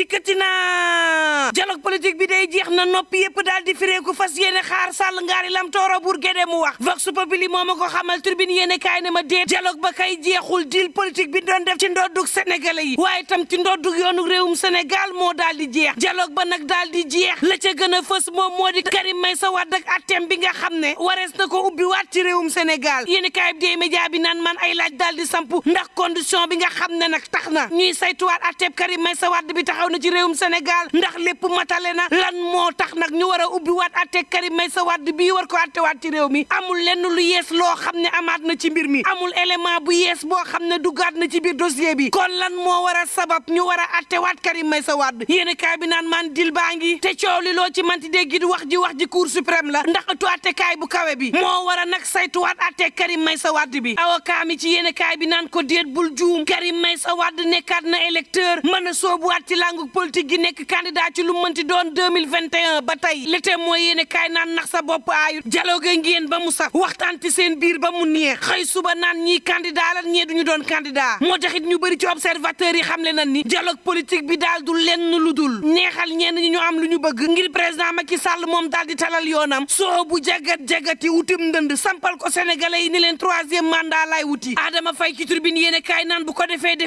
dikkati naa dialogue politique bi day jeex na noppi yëpp daal di fireeku fas yéene xaar sàll ngaari lam tooro bur gédé mu wax vox populi moom ma ko xamal tribune yéene kaay ne ma déet dialogue ba kay jeexul deal politique bi doon def ci ndoddug sénégalais yi waaye tam ci ndoddug yoonu réewum senegal moo daal di jeex dialogue ba nag daal di jeex la ca gën a fës moom moo di Karim Meïssa Wade ak atteem bi nga xam ne warees na ko ubbi waat ci réewum sénégal yéene kaay média bi naan man ay laaj daal di samp ndax condition bi nga xam ne nag tax na ñuy saytuwaat atteeb Karim Meïssa Wade bi taxaw xew na ci réewum Sénégal ndax lépp matale na lan moo tax nag ñu war a ubbi waat atte Karim sa Wade bii war ko attewaat ci réew mi amul lenn lu yees loo xam ne amaat na ci mbir mi amul élément bu yees boo xam ne duggaat na ci biir dossier bi kon lan moo war a sabab ñu war a attewaat Karim Meïssa Wade yéen kaay bi naan man dil baa ngi te coow li loo ci manti dégg di wax ji wax ji cour suprême la ndax ëttu attekaay bu kawe bi moo war a nag saytuwaat atte Karim Meïssa Wade bi avocat mi ci yéen kaay bi naan ko déet bul juum Karim Meïssa Wade nekkaat na électeur mën a soobuwaat ci làngu langu politique gi nekk candidat ci lu mënti doon 2021 ba tey li tee mooy yéene kaay naan nax sa bopp aayut dialogue ngeen ba mu sax waxtaan ci seen biir ba mu neex xëy suba naan ñii candidat la ñee duñu doon candidat moo taxit ñu bëri ci observateur yi xam le na ni dialogue politique bi daal du lenn lu dul neexal ñenn ñi ñu am lu ñu bëgg ngir président Macky Sall moom daal di talal yoonam soo bu jagat jagati wutim ndënd sampal ko sénégalais yi ni leen troisième mandat laay wuti Adama Faye ci tribune yéene kaay naan bu ko defee de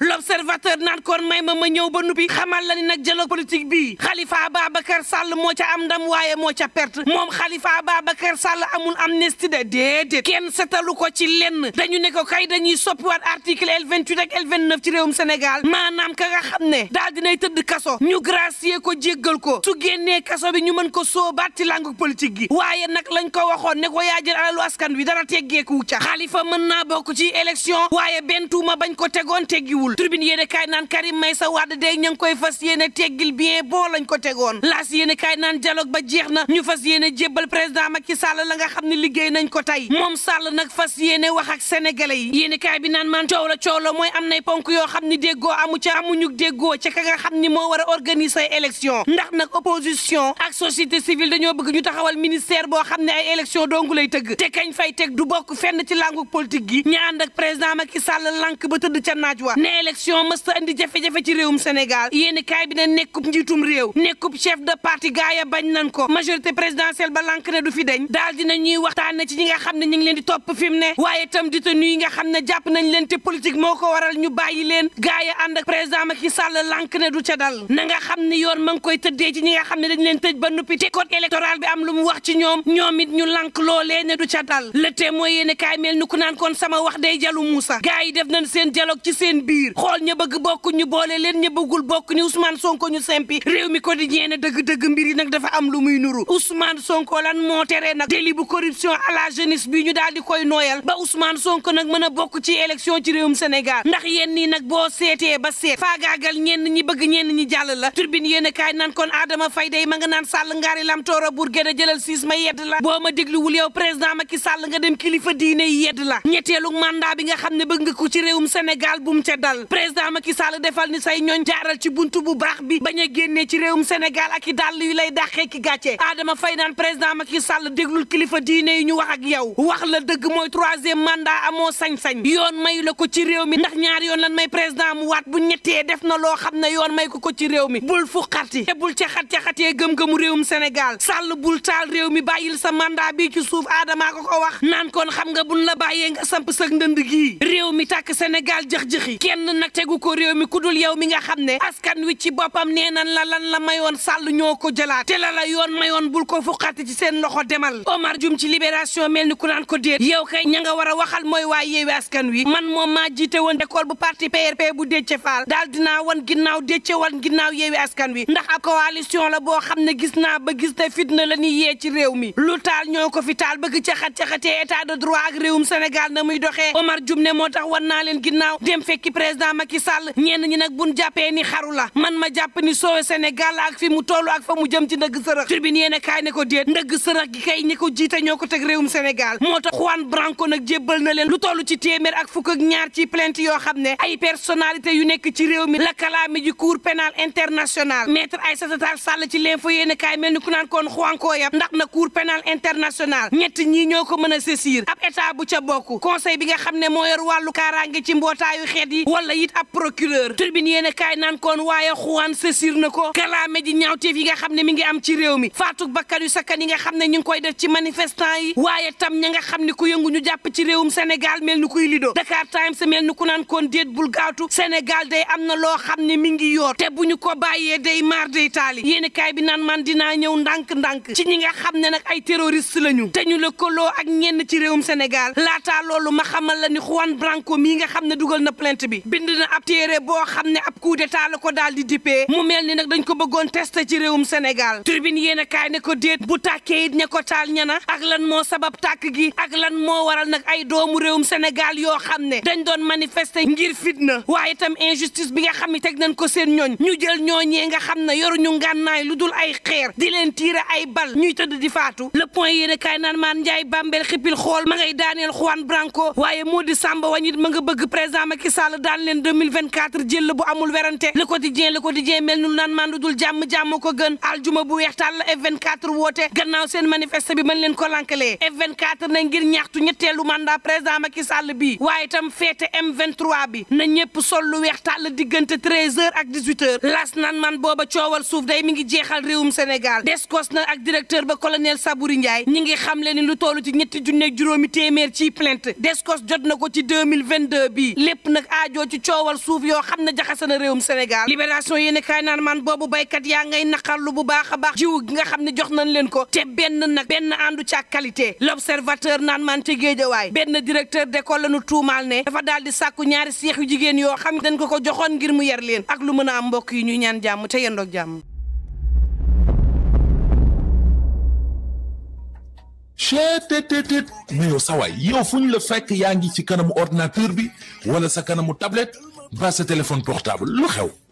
l'observateur naan kon may bi xamal la ni nag dialogue politique bi Khalifa Ababacar Sall moo ca am ndam waaye moo ca perte moom Khalifa Ababacar Sall amul amnistie de déedéet kenn setalu ko ci lenn dañu ne ko kay dañuy soppiwaat article L28 ak L29 ci réewum Sénégal maanaam ka xam ne daal dinay tëdd kaso ñu gracier ko jéggal ko su génnee kaso bi ñu mën ko soobaat ci langue politique gi waaye nag lañ ko waxoon ne ko yaa jël alalu askan wi dara teggeeku ca xalifa mën naa bokk ci élection waaye benn tuuma bañ ko tegoon teggiwul tribune yéene kaay naan Karim Meïssa Wade ña koy fas yéene teggil bien boo lañ ko tegoon laas yéene kaay naan dialogue ba jeex na ñu fas yéene jébbal président Macky Sall la nga xam ne liggéey nañ ko tey moom Sall nag fas yéene wax ak sénégalais yi yéene bi naan man coow la coow la nay ponk yoo xam ni déggoo amu ca amuñu déggoo ca ka nga xam moo war a organiser élection ndax nag opposition ak société civile dañoo bëgg ñu taxawal ministère boo xam ne ay élection lay tëgg te fay teg du bokk fenn ci langu politique gi ñu ànd ak président Macky Sall lank ba tëdd ca naaj wa ne élection mësta indi jafe-jafe ci réewum Sénégal Sénégal yéeni kaay bi ne nekkub njiitum réew nekkub chef de parti gaaya bañ nañ ko majorité présidentielle ba lank ne du fi dañ daal dina ñuy waxtaan na ci ñi nga xam ne ñu leen di topp fi mu ne waaye itam détenu yi nga xam ne jàpp nañ leen te politique moo ko waral ñu bàyyi leen gaaya ànd ak président Macky Sall lank ne du ca dal na nga xam ne yoon ma ngi koy tëddee ci ñi nga xam ne dañ leen tëj ba noppi te code électoral bi am lu mu wax ci ñoom ñoom ñu l loolee ne du ca dal le témoin yéeni kaay mel ni ku naan kon sama wax day jalu Moussa gaay yi def nañ seen dialogue ci bokk ni Ousmane Sonko ñu sempi réew mi quotidien ne dëgg-dëgg mbir yi nag dafa am lu muy nuru Ousmane Sonko lan moo teree nag délit bu corruption à la jeunesse bi ñu daal di koy nooyal ba Ousmane Sonko nag mën a bokk ci élection ci réew réewum Sénégal ndax yenn nii nag boo seetee ba seet faagaagal ñenn ñi bëgg ñenn ñi jàll la turbine yéen a kaay naan kon Adama Faye day ma nga naan sàll ngaari lam toora bur gën a jëlal siis ma yedd la boo ma dégluwul yow président Macky Sall nga dem kilifa diine la ñetteelu mandat bi nga xam ne bëgg ko ci réewum Sénégal bu mu ca dal président Macky Sall defal ni say ñooñ jaaral ci buntu bu baax bi bañ a génnee ci réew réewum Sénégal ak i dàll yu lay dàqee ki gàccee Adama fay naan président Macky Sall déglul kilifa diine yi ñu wax ak yow wax la dëgg mooy troisième mandat amoo sañsañ sañ yoon mayu la ko ci réew mi ndax ñaar yoon lan may président mu waat bu ñettee def na loo xam ne yoon may ko ko ci réew mi bul fu xarti te bul caxat caxatee gëm-gëmu réewum Sénégal sàll bul taal réew mi bàyyil sa mandat bi ci suuf Adama ko ko wax naan kon xam nga buñ la bàyyee nga samp sëg ndënd gii réew mi tàkk Sénégal jëx-jëxi kenn nag ko réew mi ku dul yow mi nga xam ne askan wi ci boppam nee nan la lan la mayoon sàll ñoo ko jëlaat te la la yoon mayoon bul ko fuqati ci seen loxo demal Omar Jum ci libération mel ni ku naan ko déet yow kay ña nga war a waxal mooy waa yeewi askan wi man moom maa jiite woon école bu parti PRP bu Déthié Fall daal dinaa wan ginnaaw Déthié wan ginnaaw yeewi askan wi ndax ab coalition la boo xam ne gis naa ba gis te fitna la ni yee ci réew mi lu taal ñoo ko fi taal bëgg caxat caxatee état de droit ak Sénégal na muy doxee Omar Jum ne moo tax wan naa leen ginnaaw dem fekki président Macky Sall ñenn ñi nag buñ jàppee ni xaru la man ma jàpp ni soowe Sénégal ak fi mu toll ak fa mu jëm ci ndëgg sërëx tribune yéene kaay ne ko déet ndëgg sërëx gi kay ñi ko jiita ñoo ko teg réew réewum Sénégal moo tax Juan Branco nag jébbal na leen lu toll ci téeméer ak fukk ñaar ci plainte yoo xam ne ay personnalité yu nekk ci réew mi la kalaami ji cour pénal international maître ay Tall Sall ci l'info yéene kaay mel ni ku naan koon xuankoo yab ndax na cour pénal international ñett ñii ñoo ko mën a saisir ab état bu ca bokk conseil bi nga xam ne moo yor wàllu kaaraange ci mbootaayu xeet yi wala it ab procureur tribune nekkoon waaye xuwaan sësir na ko kalaame ji ñaawteef yi nga xam ne mi ngi am ci réew mi faatug bakkan yu sakkan yi nga xam ne ñu ngi koy def ci manifestant yi waaye tam ña nga xam ne ku yëngu ñu jàpp ci réewum Sénégal mel ni kuy lido Dakar Times mel ni ku naan kon déet bul gaatu Sénégal day am na loo xam ne mi ngi yoor te bu ñu ko bàyyee day maar day taali yéeni kaay bi naan man dinaa ñëw ndànk-ndànk ci ñi nga xam ne nag ay terroriste lañu te ñu lëkkaloo ak ñenn ci réewum Sénégal laataa loolu ma xamal la ni Juan Branco mii nga xam ne dugal na bi bind na ab téere boo xam ne ab coup la ko daal di dippee mu mel ni nag dañ ko bëggoon tester ci réewum Sénégal tribune yéen a kaay ne ko déet bu tàkkee it ña ko taal ñana ak lan moo sabab tàkk gi ak lan moo waral nag ay doomu réewum Sénégal yoo xam ne dañ doon manifester ngir fitna waaye itam injustice bi nga xam ne teg nañ ko seen ñooñ ñu jël ñooñee nga xam ne yoruñu ngànnaay lu dul ay xeer di leen tiire ay bal ñuy tëdd di faatu le point yéen a kaay naan maan Njaay Bambel xippil xool ma ngay daaneel Juan Branco waaye moo di Samba wañit ma nga bëgg président Macky Sall daan leen 2024 jël bu amul werante le quotidien le quotidien mel nu naan mandu dul jàmm jàmm ko gën aljuma bu weex tàll F24 woote gannaaw seen manifeste bi mën leen ko lankalee F24 na ngir ñaxtu ñetteelu mandat président Macky Sall bi waaye itam feete M23 bi na ñëpp sol lu weex tàll diggante 13h ak 18h las naan man booba coowal suuf day mi ngi jeexal réewum Sénégal Descos na ak directeur ba colonel Sabouri Ndiaye ñi ngi xamle ni lu tollu ci ñetti junneeg juróomi téeméer ciy plainte Descos jot na ko ci 2022 bi lépp nag aajoo ci coowal suuf yoo xam ne jaxase na réewum Sénégal Sénégal libération yéen kaay naan man boobu béykat yaa ngay naqarlu bu baax a baax jiw gi nga xam ne jox nañ leen ko te benn nag benn àndu ca qualité l'observateur naan man ci géejawaay benn directeur d'école lañu tuumaal ne dafa dal di sàkku ñaari seex yu jigéen yoo xam dañ ko ko joxoon ngir mu yar leen ak lu mën a am mbokk yi ñu ñaan jàmm te yendoog jàmm chetttt la fekk yaa ngi ci kanamu ordinateur bi wala sa kanamu tablette ba sa téléphone portable lu xew